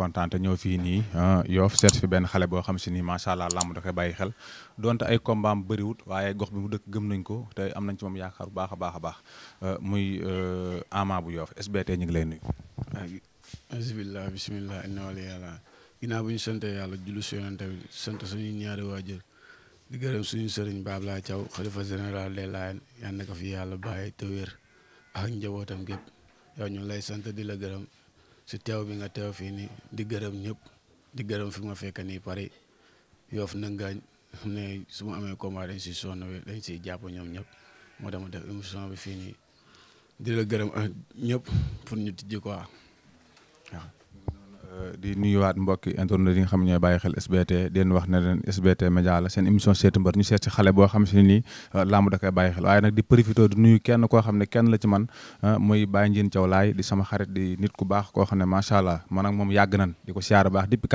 kontaan te ñëw fii nii ah, yoof seet fi benn xale boo xam si ni macha allah làmb da koy bàyyi xel donte ay combat am waaye gox bi mu dëkk gëm nañ ko te am nañ ci moom yaakaar bu baax a baax a baax ah, muy ah, Ama bu yoof SBT ñu ngi lay nuyu. bisimilah bisimilah inna wali yàlla ginnaaw bu ñu sant yàlla jullu si yonent bi sant suñu ñaari waajur di gërëm suñu sëriñ Babla Thiaw xalifa général des Layènes yal na ko fi yàlla bàyyi te wér ak njabootam gépp yow lay sant di la gërëm si teew bi nga teew fii nii di gërëm ñëpp di gërëm fi ma fekk nii pare yof nëngaañ xam ne su ma amee combat dañ si sonn dañ siy jàpp ñoom ñëpp moo dama def émission bi fii nii di la gërëm ah, ñëpp pour ñu tijji quoi waaw Euh, di nuyuwaat mbokki internet yi nga xam ñooy bàyyi xel SBT den wax ne leen SBT Média la seen émission seeti mbër ñu seet si xale boo xam si ne nii euh, làmb da koy bàyyi xel waaye nag di profité di nuyu kenn koo xam ne kenn la ci man euh, muy Baye Ndiène Thiaw di sama xarit di nit ku baax koo xam ne macha allah di ko siyaar baax di ko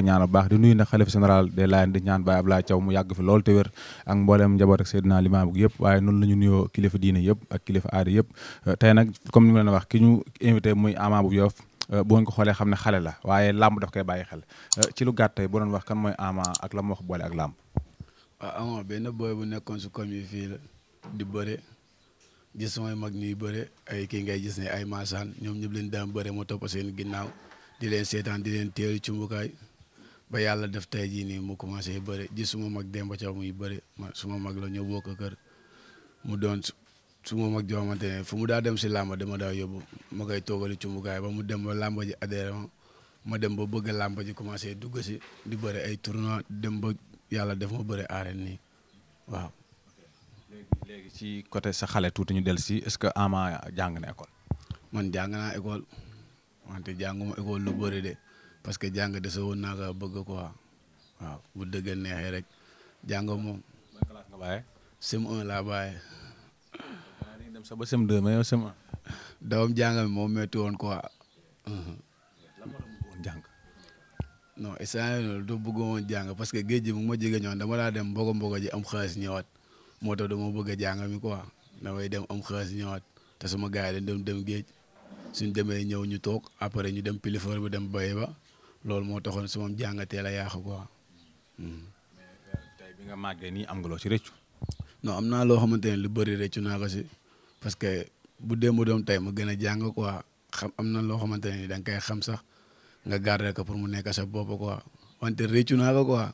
ñaanal baax di nuyu nag xalifa général di ñaan Baye Ablaye Thiaw mu yàgg fi lool te wér ak mbooleem njaboot ak Seydina Limaamu yëpp waaye noonu la ñu nuyoo Yoff euh, bu ngeen ko xoolee xam ne xale la waaye làmb daf koy bàyyi xel euh, ci lu gàtt tey bu doon wax kan mooy Ama ak la mu wax boole ak làmb. benn booy bu nekkoon su koom yi fii la di bëre gis samay mag ñuy bëre ay kii ngay gis ne ay maasaan ñoom ñëpp leen daan bëre moo topp seen ginnaaw di leen seetaan di leen teelu ci ba yàlla def tey jii nii mu commencé bëre gis suma mag Demba Thiaw muy bëre ma suma mag la ñëw bokk kër mu doon su ma mag joo fu mu daa dem si làmba dama daa yóbbu ma koy toogali cumbukaay ba mu dem ba làmba ji adhéré ma ma dem ba bëgg làmba ji commencé dugg si di bëri ay tournoi dem ba yàlla def ma bëri arène nii waaw. ci côté sa xale tuuti ñu del si est-ce que Ama jàng na man jàng naa école wante jànguma école lu bëri de parce que jàng dese woon naa ko bëgg quoi waaw bu dëgg neexee rek jàng moom. ban classe laa bàyyee. dem sa ba sem deux mais yow sem un. dawam jàngam moom métti woon quoi. lan moo doon bëggoon jàng. non instant yii parce que géej ji mu ma jege ñoon dama daa dem mbogo mbogo ji am xaalis ñëwaat moo tax dama bëgg a jàng mi quoi damay dem am xaalis ñëwaat te suma gars yi dañ dem géej suñ demee ñëw ñu toog après ñu dem pilifoor bi dem bay ba loolu moo taxoon su ma jàngatee la yàqu hmm. euh, nga màggee nii am lu bëri rëccu naa ko si parce que bu démb doom tey mu gën a jàng quoi xam am na loo xamante ne da nga koy xam sax nga garder ko pour mu nekk sa bopp quoi wante réccu naa ko quoi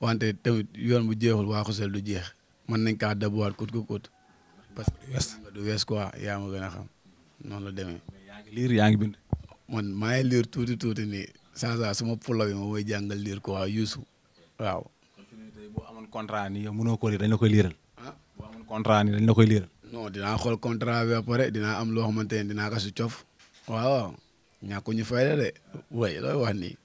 wante tamit yoon bu jeexul waaxu sel du jeex mën nañ kaa dabuwaat kut ko kut parce que du wees quoi yaa ma gën a xam noonu la demee. yaa liir yaa ngi bind. man maa ngi liir tuuti tuuti nii saa saa suma pulaw yi ma mooy jàngal liir quoi Youssou waaw. boo amoon contrat nii mënoo ko liir dañ la koy liiral. boo amoon dañ la koy liiral. non dinaa xool contrat dina ba dinaa am loo xamante ne dinaa ko si cof waaw ñàkkuñu de way looy wax nii.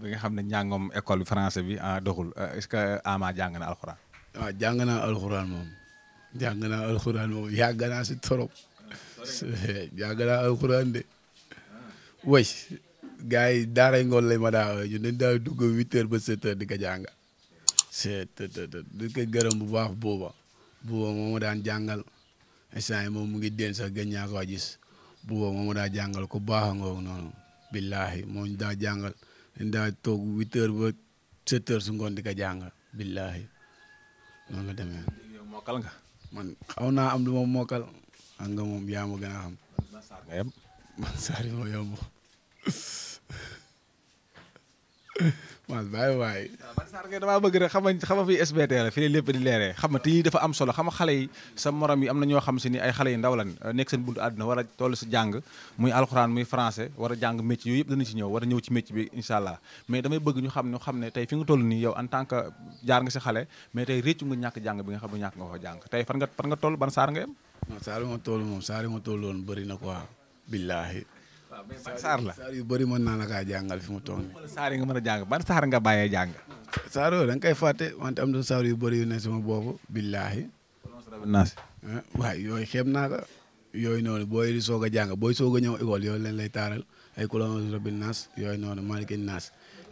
bi nga xam ne njàngoom école français bi ah, doxul euh, est-ce que Ama jàng na alxuraan. waaw ah, jàng alxuraan moom jàng si trop yàgg alxuraan de way gars yi daaray ngoon lay ma daa ñu dañ daa dugg huit ba sept heures di ko jàng. c'est di ko bu baax booba. buuba moom ma daan jàngal instant yi moom mu ngi déen sax gën ñaa koo gis buuba moom ma jàngal ku baax a ngoog noonu billaahi moo ñu daa jàngal dañ daa toog huit heures ba sept su ngoon di ko jàngal billaahi noonu la demee. mokkal naa am lu ma mokkal. xam moom yaa ma gën a waaw bàyyi waay. man Sarr kay damaa bëgg rek xam nga xam nga fii SBT lépp di leeree xam nga te yii dafa am solo xam nga xale yi sa morom yi am na ñoo xam si ni ay xale yi ndaw lan euh, nekk seen buntu àdduna war a toll si jàng muy alxuraan muy français war a jàng métier yooyu yëpp dana ci ñëw war a ñëw ci métier bi incha allah mais damay bëgg ñu xam ñu xam ne tey fi nga toll nii yow en tant que jaar nga si xale mais tey réccu nga ñàkk jàng bi nga xam ne ñàkk nga ko jàng tey fan nga fan nga toll ban Sarr nga yem. waaw Sarr ma toll moom Sarr ma tolloon bëri na quoi waaw saar la saar yu bëri mën naa la kaa jàngal fi mu toll nii. saar yi mën a jàng ban saar nga bàyyee jàng. saar yooyu koy fàtte wante am na saar yu bëri yu ne sama boobu billaahi. Ah, waaw yooyu xeeb naa ko yooyu noonu booy di soog a jàng booy soog a ñëw école yooyu leen lay taaral ay kulon rabbil naas yooyu noonu malikin naas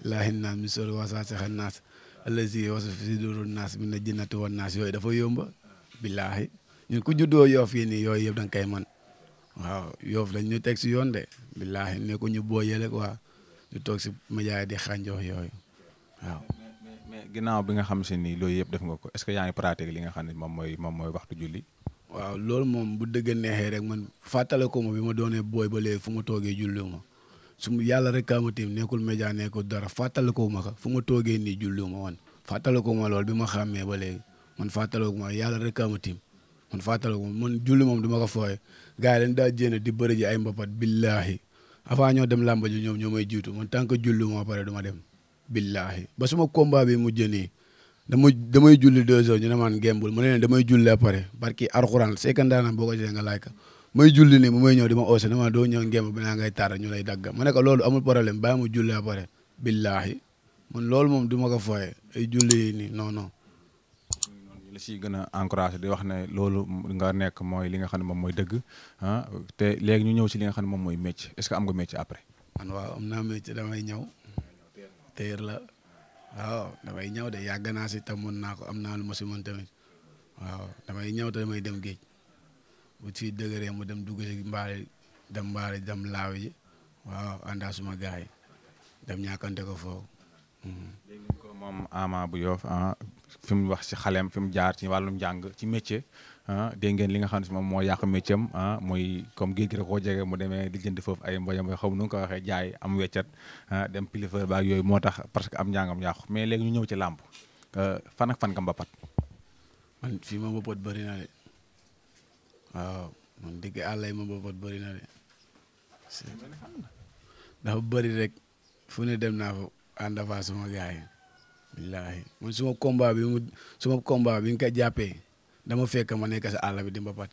laahi naas mi sori wasa saxa naas allazi wasa fi duru naas mi na jinnati yooyu dafa yomba billaahi ñun ku juddoo yoo fii nii yooyu yëpp da nga koy mën waaw yoof dañ ñu teg si yoon de billaahi ne ko ñu booyele waa ñu toog si média di xànjoox yooyu waaw. ginnaaw bi nga xam si ni loolu yëpp def nga ko est ce que yaa li nga xam ne moom mooy moom mooy waxtu julli. waaw loolu moom bu dëgg neexee rek man fàttale ko ma bi ma doonee booy ba fu ma toogee julliwuma su yàlla rek kaa ma tiim nekkul média nekkul dara fàttale ko ma ko fu ma toogee nii julliwuma woon fàttale ko ma loolu bi ma xàmmee ba léegi man fàttale ko ma yàlla rek kaama ma tiim man fàttale ko man julli moom du ma ko fooye gars yi dañ daa jéene di bëri ji ay mbapat billaahi avant ñoo dem làmba ji ñoom ñoo may jiitu man tant que julli moo pare du ma dem billaahi ba suma combat bi mujj nii dama damay julli deux heures ñu ne maan ngembul mu ne leen damay julli pare barki arxuraan seekandaanam boo ko jëlee nga laaj ko may julli mu may ñëw di ma oose ne ma doo ñëw ngemb bi naa ngay taar ñu lay dagg ma ne ko loolu amul problème bàyyi mu julli pare billaahi man loolu moom du ma ko fooye ay julli ni nii non la siy gën a encouragé di wax ne loolu nga nekk mooy li nga xam ne moom mooy dëgg ah te léegi ñu ñëw si li nga xam ne moom mooy métier est-ce que am nga métier après. man waaw am naa métier damay ñëw téer la waaw damay ñaw de yàgg si tam mën naa ko am naa lu ma si mën tamit damay ñëw te damay dem géej bu ci dëgëree mu dem dugg si mbaari dem mbaari dem laaw yi waaw àndaa suma gars yi ko foofu. Hmm. dégg bu Yoff ah, fi mu wax ci xaleem fi mu jaar ci wàllum njàng ci métier ah dégg ngeen li nga xam ne si moom moo yàq métier am ah muy comme géej gi koo jege mu demee di jënd foofu ay mboja mboja xaw nu nga ko waxee jaay am weccat ah, dem pilifeur baak yooyu moo tax parce que am njàngam yàqu mais léegi ñu ñëw ci làmb ah, fan ak fan nga mbapat man fii ma mbapat bëri na de waaw man digg àll ma mbapat bëri na de dafa bëri rek fu ne dem naa fa ànd fa sama gars yi billaahi man suma combat bi mu suma combat bi nga ko jàppee dama fekk ma nekk si àll di mbapat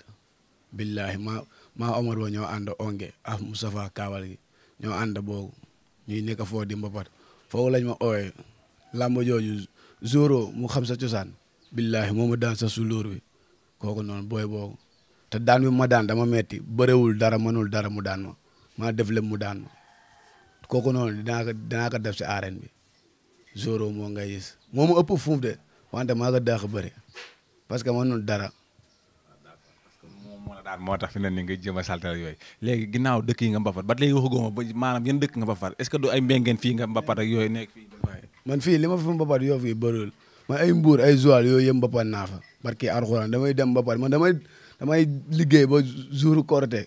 billaahi ma maa Omar ba ñoo ànd onge ak Moustapha Kaabal gi ñoo ànd boobu ñuy nekk foo di mbapat foo lañ ma ooyee làmb jooju zoro mu xam sa cosaan billaahi moo ma daan sa sulóor bi kooku noonu booy boobu te daan bi ma daan dama metti bërewul dara mënul dara mu daan ma maa def lépp mu daan ma kooku noonu dinaa ko dinaa ko def si arène bi Zoro moo ngay gis moom ëpp fuuf de wante maa ko daax bëri parce que mënul dara. daal moo ta fi ne ni nga jëm a saltal yooyu léegi ginnaaw dëkk yi nga mbafat ba léegi waxu gooma ba maanaam yan dëkk nga mbafat est-ce ay mbengeen fii nga mbapat ak yooyu nekk fii man li ma fi mbapat yoo fii bëriwul ay mbuur ay Joal yooyu yëpp mbapat naa fa barki Alxuraan damay dem mbapat man damay damay liggéey ba jour Korité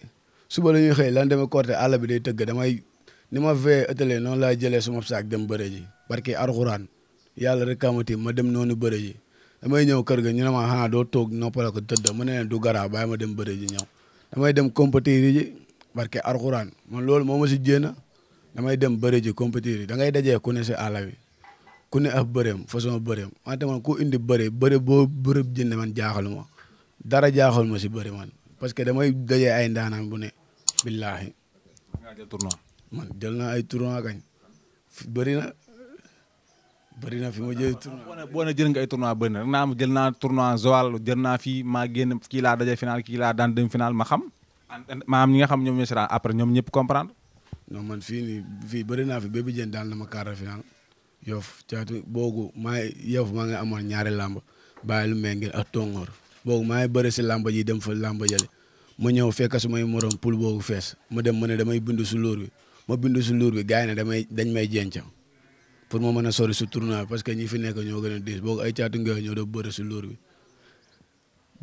suba la ñuy xëy lan demee Korité àll bi day tëgg damay ni ma fee atelier noonu laa jëlee suma saak dem bëre ji barke arxuraan yàlla rek kaamati ma dem noonu bëre ji damay ñëw kër ga ñu ne ma xanaa doo toog noppale ko tëdd mu ne leen du gara bàyyi ma dem bëre ji ñëw damay dem compétir ji barke arxuraan man loolu moo ma si jéena damay dem bëre ji compétir yi da ngay dajee ne si àll bi ku ne ab bëreem façon bëreem wante man ku indi bëre bëre boo bëre jënd man jaaxal ma dara jaaxal ma si bëri man parce que damay daje ay ndaanaan bu ne billaahi man jël ay tournoi kañ bëri bëri na fi ma jël boo ne jël nga ay tournoi bëri na naa am jël naa tournoi Joal jël naa fi maa génn kii laa daje final kii laa daan dem final ma xam maa am nga xam ñoom ñoo après ñoom ñëpp comprendre non man fii nii bëri naa fi bébi jën daan na ma quart de final yoof caatu boogu maa yoof maa ngi amoon ñaari làmb bàyyi lu mengel ak tongoor boogu maa ngi bëri si làmb ji dem fa làmb jële ma ñëw fekk su may morom pul boogu fees ma dem ma ne damay bindu su luur bi ma bindu su luur bi gars ne damay dañ may jenca pour moo mën a sori su tournoi parce que ñi fi nekk ñoo gën a diis boo ay caatu ngelaw ñoo doon bëri si bi.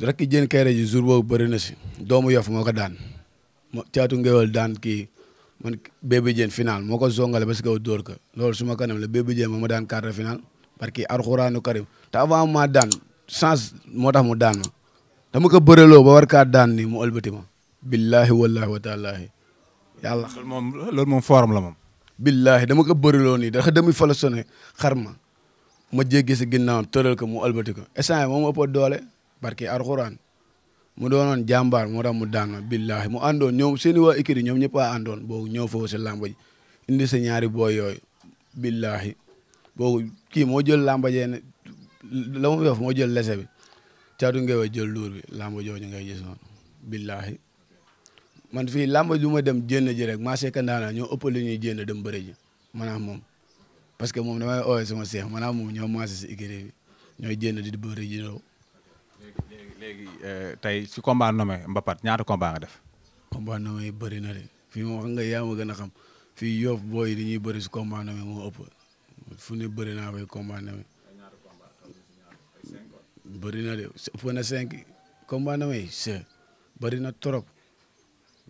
rek jën kayre ji jour boobu bëri na si doomu yof moo ko daan mo caatu ngewal daan ki man bébé jën final moo ko zongale parce que dóor ka loolu suma kanam la bébé jën moo daan quart de final parce que arxuraanu karim te avant maa daan chance moo tax mu daan ma dama ko bëreloo ba war kaa daan ni mu ëlbati ma. billaahi wallaahi wa taalaahi yàlla. loolu moom loolu la moom. billaahi dama ko bëriloo nii dafa demi fa la sone xar ma ma jéggi si ginnaawam tëral ko mu albati ko instant yii moom ëpp doole barki alxuraan mu doonoon jàmbaar moo tax mu daan ma mu àndoon ñoom seen waa ikiri ñoom ñëpp a àndoon boobu ñëw foofu si làmba indi sa ñaari booy yooyu billaahi boobu kii moo jël làmba jee ne la mu yof moo jël lese bi caatu ngeewee jël luur bi làmba jooju ngay gis noonu man fii làmb ju ma dem jénn ji rek maa seeka ndaanaa ñoo ëpp lu ñuy jénn dem bëri ji maanaam moom parce que moom damay ooyee sama seex maanaam ñoo maase si écurie bi ñooy jénn di bëri ji doo léegi léegi euh, tey si combat nommé Mbapat ñaar combat nga def combat nommé yi bëri na yaa ma gën a xam fii yoof booy di ñuy bëri si combat nommé moo ëpp fu ne bëri naa fay combat nommé na de ëpp na cinq combat nommé na trop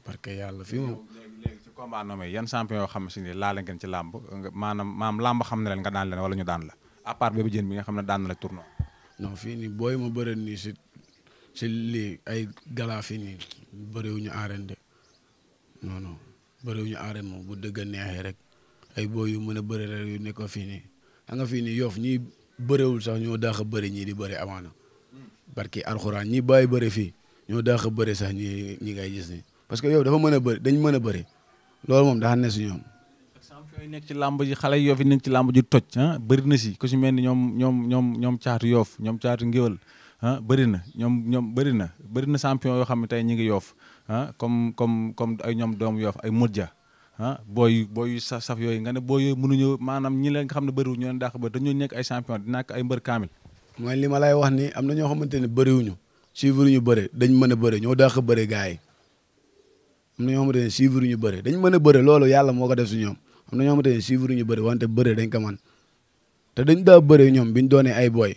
parce que yàlla fi mu. léegi yan champion yoo xam si ne laale ngeen ci làmb maam làmb xam na leen nga daan leen wala ñu la à part Bébé Diène bi nga xam fii nii booy ma bëre nii si si lii ay gala fii nii bëriwuñu arène de non non bëriwuñu moom bu dëgga neexee rek ay booy yu mën a bëri rek yu nekk fii nii a nga fii nii yoof ñii bëriwul sax ñoo daax a bëri ñii di bëri amaana hmm. barki alxuraan ñii bàyyi bëri fii ñoo daax a bëri sax ñi ñi ngay gis nii parce que yow dafa mën a bëri dañ mën a bëri loolu moom dafa ne si ñoom. champion yi nekk ci làmb ji xale yoof yi nekk ci làmb ji toj ah bëri na si ku si ni ñoom ñoom ñoom caatu yoof ñoom caatu ngéwal ah bëri na ñoom ñoom bëri na bëri na champion yoo xam ne tey ñu ngi yoof ah comme comme comme ay ñoom doomu yoof ay Modja ah booy booy saf saf nga ne booy mënuñu maanaam ñi la nga xam ne bëriwul ñoo leen dàq ba dañoo nekk ay champion di nekk ay mbër kaamil. mooy li ma lay wax ni am na ñoo xamante ne bëriwuñu suivre ñu bëre dañ mën a bëre ñoo dàq bëre gars yi am na ñoo xamante ne ñu bëri dañ mën a bëri loolu yàlla moo ko def su ñoom am na ñoo xamante ne ñu bëri wante bëri dañ ko man te dañ daa bëri ñoom biñ doonee ay booy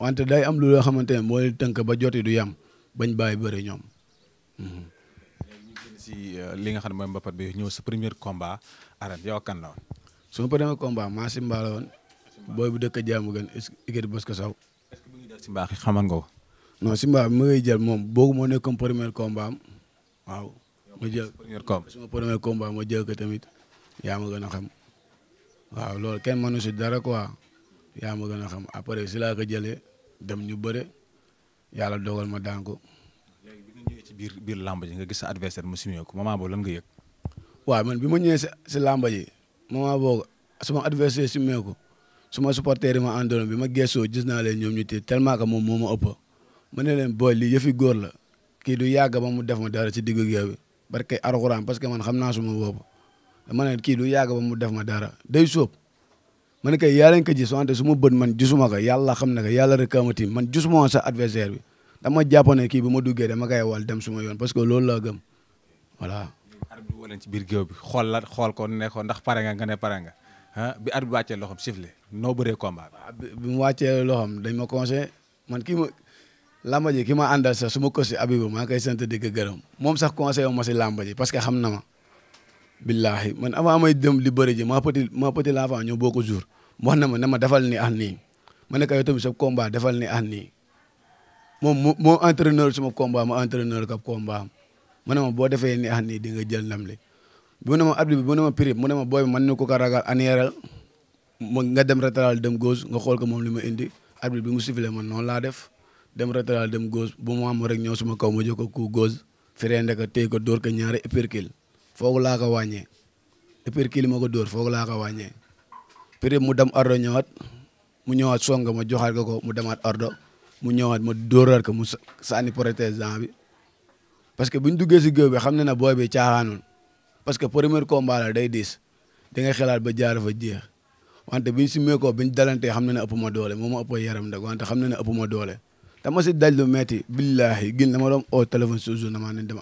wante day am lu loo xamante ne mooy leen tënk ba joti du yam bañ bàyyi bëri ñoom. si euh, li nga xam ne mooy mbapat ñëw sa premier combat arène yow kan la maa si mbaa la booy bu dëkk jaamu gën est-ce mu si mbaa xaman nga ko. non si mbaa mi ngay moom boobu moo nekk comme premier ma jël sama premier combat ma jël ko tamit yaa ma gën a xam waaw loolu kenn mënu si dara quoi yaa ma gën a xam après si laa ko jëlee dem ñu bëre yàlla dogal ma daan ko. léegi biir biir làmb ji nga gis sa adversaire mu simee ma moment boobu lan nga yëg. waaw man bi ma ñëwee si si làmb ji moment boobu sama adversaire simee ko suma supporter yi ma àndoon bi ma geesoo gis naa leen ñoom ñu téye tellement que moom moo ma ëpp ma ne leen booy lii yëfi góor la kii du yàgg ma mu def ma dara ci digg géew bi barke Alxuraan parce que man xam naa suma bopp dama ne kii du yàgg ba mu def ma dara day sóob ma ne kay yaa leen ko gis bët man gisuma ko yàlla xam na ko yàlla rek ma tiim man gisuma woon sa adversaire bi dama jàpp ne kii bu ma duggee dama koy wal dem suma yoon parce que loolu laa gëm voilà. arbitre bi wala ci biir géew bi xool la xool ko ne ndax pare nga nga ne pare nga ah bi arbitre bi wàccee loxoom sifflé noo bëree combat bi. bi mu wàccee loxoom dañ ma lamba ji ki ma àndal sax su ma ko si Abibu maa koy sant di ko gërëm moom sax conseil ma si lamba ji parce que xam na ma. billahi man avant may dem li bëri ji ma petit la petit l'enfant ñoo boo ko jour wax na ma ne ma defal ni ah nii ma ne ko yow tamit sa defal ni ah nii moom moo entraîneur sama combat ma entraîneur ko combat am ma ne ma boo defee ni ah nii di nga jël nam li bu ne ma abdi bi bu ne ma prix mu ne ma booy bi mën na ko ko ragal anéeral nga dem latéral dem gauche nga xool ko moom li ma indi abdi bi mu sifflé man noonu laa def dem latéral dem gauche bu mu am rek ñëw suma kaw ma jóg ko coup gauche firende ko téy ko door ko ñaari uppercut foogu laa ko wàññee uppercut ma ko dóor foogu laa ko wàññee prix mu dem ardo ñëwaat mu ñëwaat songa ma joxaat ko ko mu demaat ardo mu ñëwaat ma dóoraat ko mu sànni protège bi parce que bu ñu duggee si géew bi xam ne na booy bi caaxaanul parce que premier combat la day diis di nga xalaat ba jaar fa jeex wante bi ñu si meekoo bi ñu dalantee xam ne ne ëpp ma doole moo ma yaram nag wante xam ne ne ëpp ma doole dama si daj lu metti billahi gil na ma doon oo téléphone su jour dama ne dem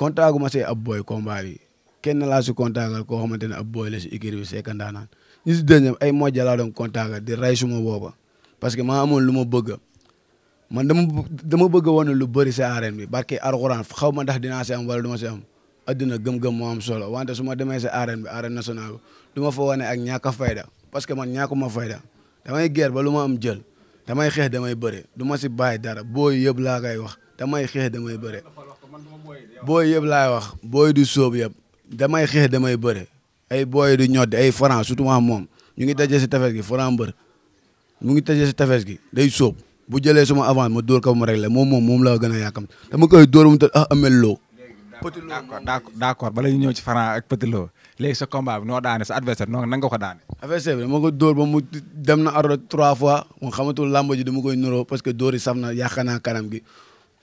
contact ma see ab booy combat bi kenn laa si contactal koo xamante ne ab booy la si écurie bi Secka Ndaanaan ñu si dëñam ay moo jalaa doon di ray suma booba parce que maa amoon lu ma bëgg man dama dama bëgg woon lu bëri se arène bi barke alxuraan xaw ma ndax dina si am wala du ma si am adduna gëm-gëm moo am solo wante su ma demee si arène bi arène nationale bi du ma fa wane ak ñàkk a fayda parce que man ñàkkuma fayda damay guerre ma am jël damay xeex damay bëre du ma si bàyyi dara booy yëpp laa koy wax damay xeex damay bëre booy yëpp laay wax booy du soob yëpp damay xeex damay bëre ay booy du ñoddi ay Franc surtout moom ñu ngi daje si tefes gi Franc mbër mu ngi daje si tefes gi day sóob bu jëlee suma avance ma dóor ko mu rek la moom moom moom laa gën a yàkkam dama koy dóor mu tëdd ah amel loo Petit Lo d'accord d'accord d'accord bala ñu ñëw ci Franc ak Petit Lo léegi sa combat bi noo daane sa adversaire noo nga ko daane adversaire bi dama mu dem na ardo trois fois mu xamatul làmb ji dama koy nuroo parce que dóor yi saf na yàq naa kanam gi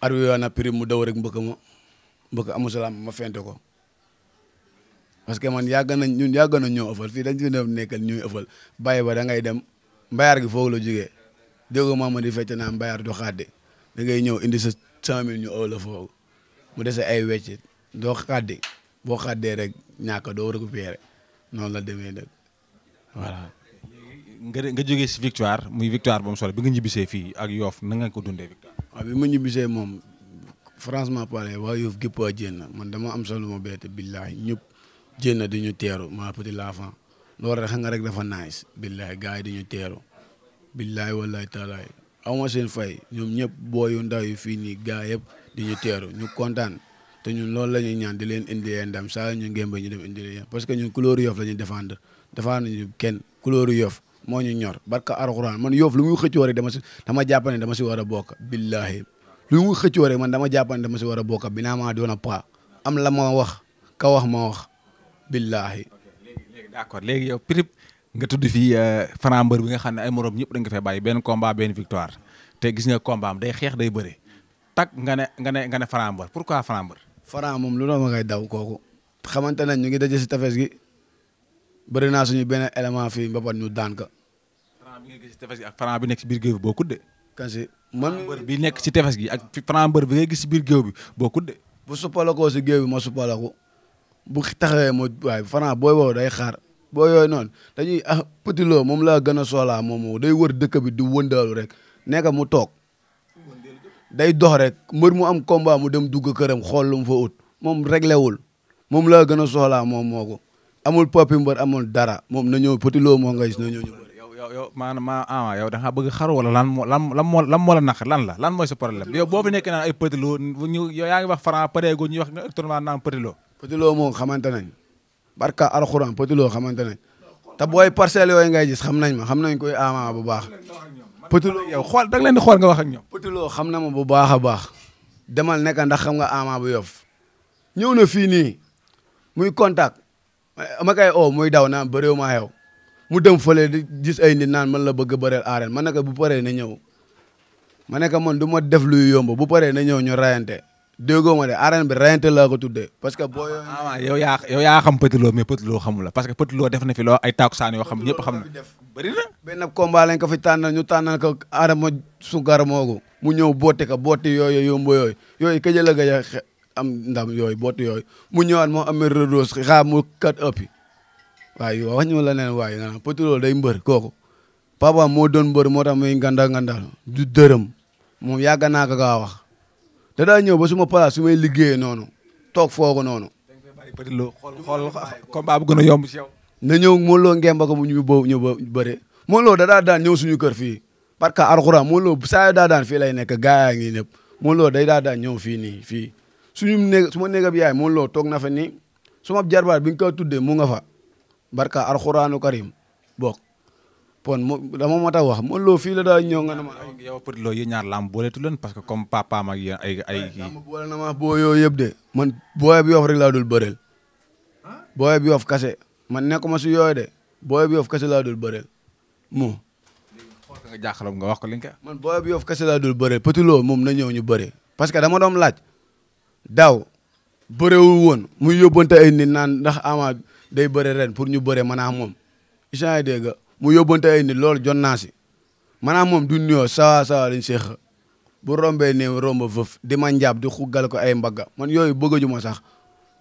ar bi waa na prix mu daw rek mbëkk ma mbëkk amusalam ma fente ko parce que man yàgg nañ ñun yàgg nañ ñoo ëffal fii dañ fi dem nekkal ñuy ba da dem mbayaar gi foofu la jógee dégg ma maama di fecc naa mbayaar du xaadde da ngay ñëw indi mu desee ay wecc doo xàddi boo xàddee rek ñàkk doo récupérer noonu la demee nag voilà. nga nga jógee si victoire muy victoire bu mu solo bi nga ñibbisee fii ak yoof na nga ko dundee victoire. waaw bi ma ñibbisee moom franchement parler waa yoof gépp a jénn man dama am solo ma bett billaahi ñëpp jénn di ñu teeru ma petit l'enfant loolu rek xam nga rek dafa nice billaahi gars yi di ñu teeru billaahi wallaahi taalaay aw ma seen fay ñoom ñëpp booyu ndaw yi fii nii gars yëpp. di ñu teeru ñu kontaan te ñun loolu la ñuy ñaan di leen indi leen ndam saa ñu ngémba ñu dem indi leen parce que ñu couleur Yoff la ñuy défendre défendre ñu kenn couleur Yoff moo ñu ñor barka alxuraan man Yoff lu muy xëccoo rek dama si dama jàpp ne dama si war a bokk billahi lu muy xëccoo rek man dama jàpp ne dama si war a bokk bi naa maa doon a pas am la ma wax ka wax ma wax billahi léegi d'accord léegi yow prip nga tudd fii euh, Franc mbër bi nga xam ne ay morom ñëpp dañ ko fay bàyyi benn combat benn victoire te gis nga combat am day xeex day bëre tag nga ne nga ne nga ne Franc Mbeur pourquoi Franc Mbeur. Franc moom lu doon ma ngay daw kooku. xamante nañ ñu ngi daje si tefes gi bëri naa suñu benn élément fii ba pare ñu daan ka Franc bi nga gis si tefes gi ak Franc bi nekk si biir géew bi boo kuddee. kasi man mbër bi nekk si tefes gi ak Franc Mbeur bi nga gis si biir géew bi boo kuddee. bu suppalakoo si géew bi ma suppalaku bu taxawee ma waaye Franc booy woo day xaar. boo yooyu noonu dañuy ah Petit Lo moom laa gën a soxlaa moom day wër dëkk bi du wëndaalu rek nekk mu toog. day dox rek mbër mu am combat mu dem dugg këram xool lu mu fa ut moom réglé wul moom laa gën a soxlaa moom moo ko amul papi mbër amul dara moom na ñëw petit loo moo ngay gis na ñëw ñu bëri. yow yow yow maanaam ma ah yow da ngaa bëgg xaru wala lan moo lan moo lan moo la lan la lan mooy sa problème yow boo fi nekk naan ay petit loo ñu yaa ngi wax franc pareegu ñuy wax actuellement naan petit loo. petit loo moom xamante nañ barka alxuraan petit loo xamante nañ te booy parcelles yooyu ngay gis xam nañ ma xam nañ koy ama bu baax. Potiloo yow xool da nga leen di xool nga wax ak ñoom. Potiloo xam na ma bu baax a baax demal nekk ndax xam nga Ama bu yof ñëw na fii nii muy contact ma kay oo oh, muy daw naan bëréew maa yow mu dem fële di gis ay nit naan man la bëgg a bëreel aareen man naka bu paree na ñëw ma nekk man du ma def luy yomb bu paree na ñëw ñu rayante déggoo ma de arène bi reyante laa ko tuddee parce que boo yooyu. ah waaw yow yaa yow yaa xam Petit la parce que Petit Lo def na fi loo ay taakusaan yoo xam ñëpp xam na. bëri na benn combat lañ ko fi tànnal ñu tànnal ko Adama Sunkar moogu mu ñëw boote ka boote yooyu yomb yooyu yooyu ka jëla am ndam yooyu boote yooyu mu ñëwaat moo amee redos xaa mu kat ëppi waaye wax ñu la neen waaye nga naan Petit Lo day mbër kooku papa moo doon mbër moo tax muy nganda ngandal dërëm moom yàgg naa ko da daa ñëw ba suma place su may liggéeyee noonu toog foofu noonu. xool combat bu gën a yomb si yow. na ñëw Modou Lo ngemba ko bu ñu boobu ñëw ba bëre Modou Lo da daa daan ñëw suñu kër fii parce que alxuraan Modou saa daa daan fii lay nekk gaa yaa ngi ñëpp Modou Lo day daa daan ñëw fii nii fii suñu néeg su ma néeg yaay Modou Lo toog na fa nii suma jarbaar bi nga ko tuddee mu nga fa barka alxuraanu karim bokk pon moom dama moo tax wax Modou Lo fii la daa ñëw nga ne ma. yow Petit Lo yi ñaar lamb booletu leen parce que comme papaam ak yéen ay ay. lamb boole na ma boo yooyu yëpp de man booy bi Yoff rek laa dul bëreel. booy bi Yoff kase si yooyu de booy bi Yoff kase laa dul bëreel moom. nga jaaxal nga wax ko li man booy bi Yoff kase laa dul bëreel Petit moom na ñëw ñu bëre parce que dama doon laaj daaw bërewul woon muy yóbbante ay nit naan ndax ama day bëre ren pour ñu bëre man ak moom. mu yóbbante ay nit loolu jot naa si maanaam moom du nuyoo sawa sawa lañ seex bu rombee néew romba vëf di ma njaab di xuggal ko ay mbagga man yooyu bëggaju ma sax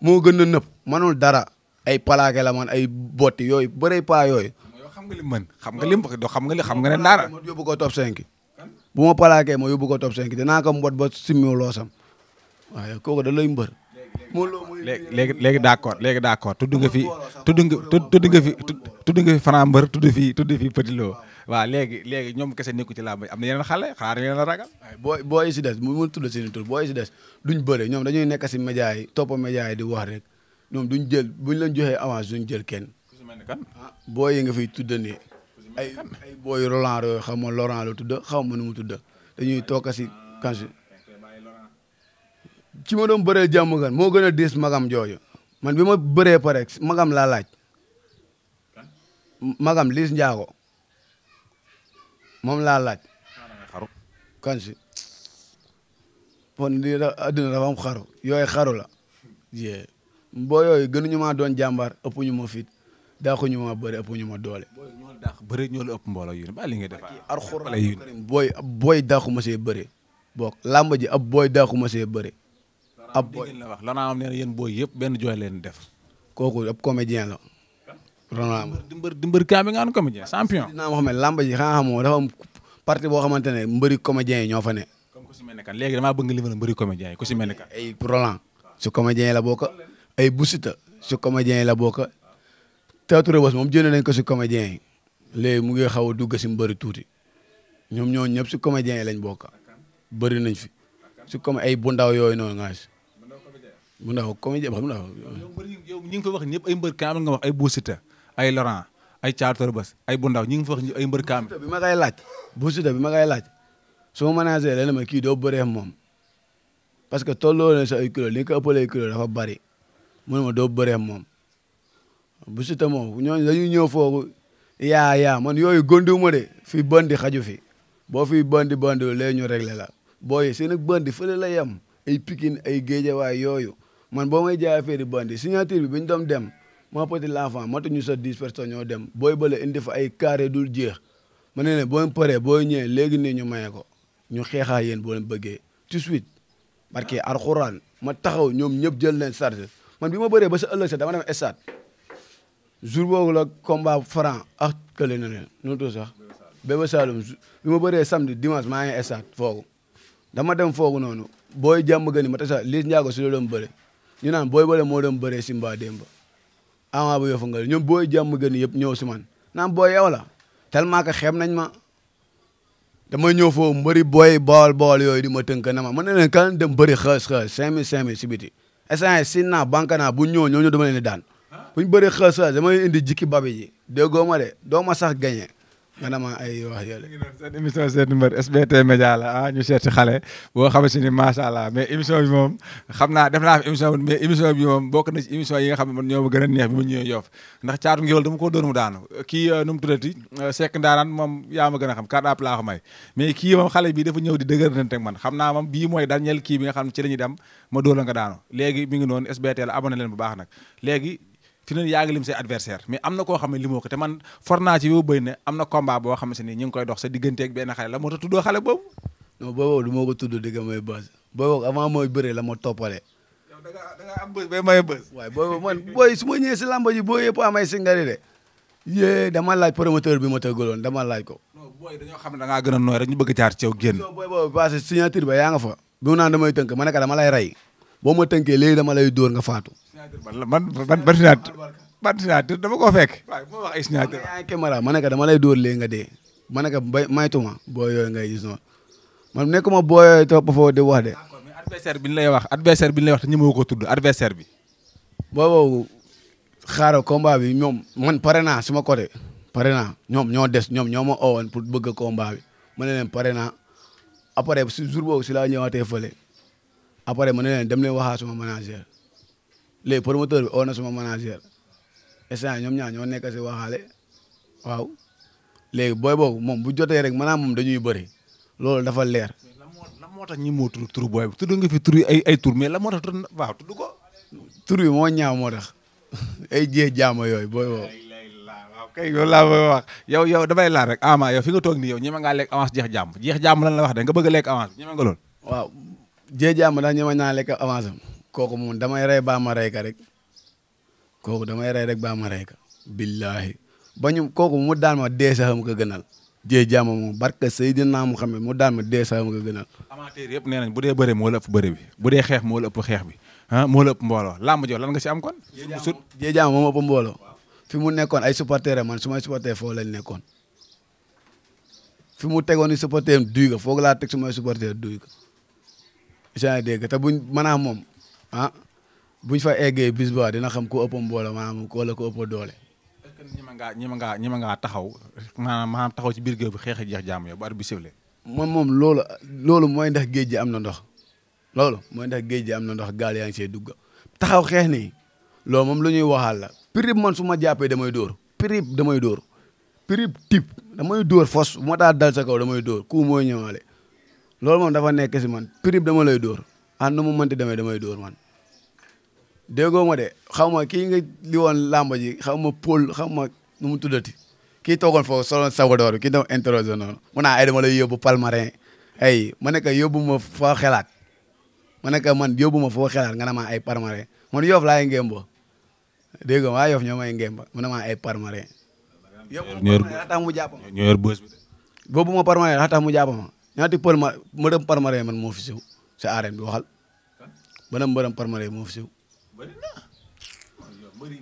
moo gën a nëpp manul dara ay palaake la man ay botti yooyu bëree paa yooyu. xam nga li mën xam nga li do xam nga li xam nga ne dara. ma yóbbu ko top 5 bu ma palaakee ma yóbbu ko top 5 dinaa ko mbot ba simmi loosam waaye kooku da lay mbër. léegi léegi d' accord léegi d' accord tudd nga fi tudd nga tudd nga fi tudd nga fi Franc Mbeur tudd fi tudd fi Petit Lo waaw léegi léegi ñoom kese nekku ci làmb am na yeneen xale xaar yeneen la ragal boo booy si des mu mën tudd seen tur booy si des duñ bëre ñoom dañuy nekk si média yi topp média yi di wax rek ñoom duñ jël buñ leen joxee avance duñ jël kenn ah, booy yi nga fiy tudd nii ay ay booy Roland yooyu xam ma Laurent la tudd xaw ma nu mu tudd dañuy toog si kanju ci ma bare bëree jàmm gan moo gën a diis magam jooju man bi ma bëree pare magam laa laaj magam liis njaago moom laa laaj. xaru kan si kon lii da adduna dafa am xaru yooyu xaru la. yee boo yooyu gënuñu maa doon jàmbaar ëpp ñu ma fit daa ko ñu ma bëri ñu ma doole. booy ñoo dàq bëri ñoo mbooloo yi ba li nga def. alxuraan booy booy dàqu ma see bëri. boog làmb ji ab booy dàqu ma see ab booy la wax lanaa am nee na yéen booy yëpp benn jooy leen def. kooku ab comédien la. Ronald di mbër di mbër kaa bi nga xam comédien champion. dinaa ma xam ne làmb ji xanaa xamoo dafa am boo xamante ne mbëri comédien yi ñoo fa ne. comme ku ne kan léegi damaa bëgg li ma la mbëri comédien yi ku si mel ne kan. ay Roland su la bokk ay Busita su comédien yi la bokk Théâtre Rebos moom jënd nañ ko si comédien yi. léegi mu ngi xaw a dugg si mbëri tuuti ñoom ñoo ñëpp si comédien yi lañ bokk bëri nañ fi si comme ay bu ndaw yooyu noonu mu ndaw comédien xam ndaw yow ñi ngi fa wax ñëpp ay mbër kaamil nga wax ay Boussita ay ay Thiator Bass ay bu ndaw ñi ngi fa wax ay mbër bi ma koy laaj Boussita bi ma koy laaj su ma managé la ma kii doo bëree moom parce que tolloo na sa ay kilo li nga ko ëppalee kilo bari mu ne ma doo bëree moom Boussita moom ñooñu dañuy ñëw foofu yaa yaa man yooyu gonduma de fii bandi xaju fi boo fi bandi bandi léegi ñu réglé la booy seen ak bandi fa la yem ay Pikine ay Géejawaay yooyu man boo may jaay affaire yi bandi bi bi ñu doon dem maa petit l'enfant matu ñu sa dix personnes ñoo dem booy bële indi fa ay carré dul jeex ma ne ne boo paree booy ñëwee léegi nii ñu maye ko ñu xeexaa yéen boo leen bëggee tout de suite parce que ma taxaw ñoom ñëpp jël leen charge man bi ma bëree ba sa ëllëg sa dama dem stade jour boobu la combat franc ak kële na nu tudd sax Bébé Saloum bi ma bëree samedi dimanche maa ngi foogu dama dem foogu noonu booy jàmm gën ma tasa Liss Ndiago si loolu doon bëre ñu naan booy bale moo doon bëree Simba Demba ama ba yofa ngal ñoom booy jàmm gën yëpp ñëw si man naan booy yow la tellement que xeeb nañ ma damay ñëw foofu mbëri booy bool bool yooyu di ma tënk na ma mën na leen kan dem bëri xës xës cinq mille cinq mille si biti essence sin naa banque naa bu ñëw ñoo ñu dama leen di daan buñ bëri xës xës damay indi jikki babi ji déggoo ma de doo ma sax gañe vraiment ay wax yooyu. seen émission seet mbër SBT Média la ah ñu seet si xale boo xam si ni macha allah mais émission bi moom xam naa def naa fi émission bi mais moom bokk na ci émission yi nga xam ne man ñoo a neex bi ma ñëwee Yoff ndax caatu ngeewal dama ko dóor mu daanu kii euh, nu mu tuddati euh, Seck Ndaanaan moom yaa a xam carte à may mais kii moom xale bi dafa ñëw di dëgërante ak man xam naa moom bii mooy daniel kii bi nga xam ne ci la ñuy dem ma dóor la nga daanu léegi mi ngi noonu SBT la abonné leen bu baax nag léegi fi ne yaa ngi lim say adversaire mais am na koo xam ne limoo ko te man for naa ci yow bëy ne am na combat boo xam ne ñu ngi koy dox sa digganteeg benn xale la moo tax tuddoo xale boobu. boobu ko tudd digga may bës boobu avant mooy bëree la ma toppale. yow da ngaa da ngaa am waaye boobu man booy su ma ñëwee si lamba ji boo yëpp amay singari de. yee dama laaj promoteur bi ma tëggaloon dama laaj ko. non booy dañoo xam ne da ngaa gën a ñu bëgg jaar ci yow génn. non booy boobu parce que signature ba yaa nga fa. bi mu naan damay tënk ma ne ko dama lay rey boo ma tënkee léegi dama lay dóor nga faatu. man man ban signature ban signature dama koo fek waaw ma wax ma ne dama lay dóor léegi nga dee. ma ne ko bay maytuma boo yooyu ngay gis noonu man ma boo yooyu topp foofu di wax de. d'accord bi ñu lay wax adversaire bi ñu lay wax te ñemewu ko tudd adversaire bi. boobu xaaral combat bi ñoom man pare naa suma côté pare naa ñoom ñoo des ñoom ñoo ma oowoon pour bëgg combat bi ma ne leen pare naa après si jour boobu si laa ñëwaatee fële. après ma ne leen dem leen waxaa suma manager léegi promoteur bi oo na suma manager instant ñoom ñaar ñoo nekk si waxaale waaw léegi booy boobu moom bu jotee rek maanaam moom dañuy bëri loolu dafa leer. lan moo tax ñi moo tur tur booy bi tudd nga fi tur ay ay tur mais lan moo tax waaw ko. tur bi moo ñaaw moo tax ay jee jaama yooyu booy boobu. waaw kay yow laa koy wax yow rek ama yow fi nga toog nii yow ñeme ngaa lekk avance jeex jàmm jeex jàmm lan la wax de nga bëgg a lekk avance ñeme nga lool jéejaam ndax ñeme naa lekk avance am kooku moom damay rey baa ma rey rek kooku damay rey rek baa ma rey ka billaahi ñu kooku mu daan ma dee sax mu ko gënal jéejaam moom barka Seydina Muhammad mu daan ma dee sax mu ko gënal. yëpp nee nañ bu dee bëre moo la ëpp bëre bi bu dee xeex moo la ëpp xeex bi ah moo la ëpp mbooloo làmb jo lan nga si am kon. sut jéejaam moom ëpp mbooloo. fi mu nekkon ay supporteurs man su may supporter foofu lañ nekkoon fi mu tegoon ni supporter duy ko foog laa teg su may ko yaa dégg te buñ manaa moom ah ñu fa eggee bis ba dina xam ku ëpp mbooloo maanaam wala ko ëpp doole. ñima ngaa ñima ngaa ñima ngaa taxaw maanaam maanaam taxaw ci biir géej bi xeex jeex jàmm yow bu arbitre bi siffle moom moom loolu loolu mooy ndax géej ji am na ndox loolu mooy ndax géej ji am na ndox gaal yaa ngi see dugg taxaw xeex nii loolu moom lu ñuy waxaal la prib man su ma jàppee damay dóor prib damay dóor prib tip damay dóor fos moo ma taa dal sa kaw damay dóor ku mooy ñëwaale loolu moom dafa nekk si man prix dama lay dóor ah nu mu mënti demee damay dóor man déggoo ma de xaw ma kii nga li woon làmba ji xaw ma Paul xaw ma nu mu tuddati kii toogoon foofu solo Salvador kii dama interrogé noonu mu naa ah, ay dama lay yóbbu Palmarin ay ma ne ko yóbbu ma foo xelaat ma man yóbbu ma foo xelaat nga ne ma ay Palmarin man yoof laay ngémbo dégg nga waa yoof ñoo ma ngémba mu ne ma ay Palmarin. ñoo yor ñoo yor bës bi de. yóbbu ma Palmarin tax mu jàpp ñaati palma mbërëm palmarin man moo fi siw si bi waxal beneen mbërëm palmarin moo fi siw.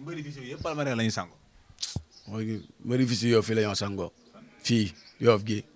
bëri fi yëpp palmarin la ñu sangoo. mooy mbëri fi siw yow sangoo fii yoof gi